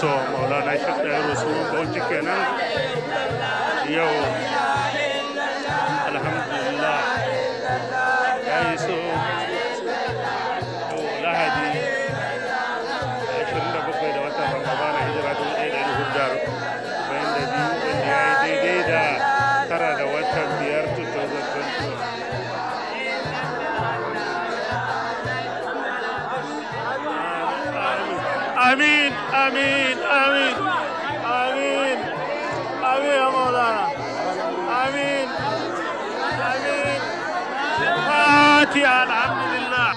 so Mawlana Cheikh Tahir Rassoul Baol ci kenan yow امين امين امين امين امين يا مولانا امين امين فاتحه الحمد لله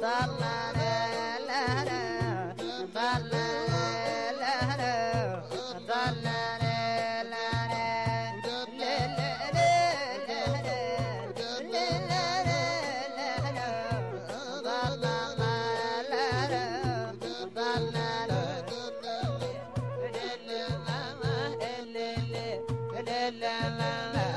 la la la la.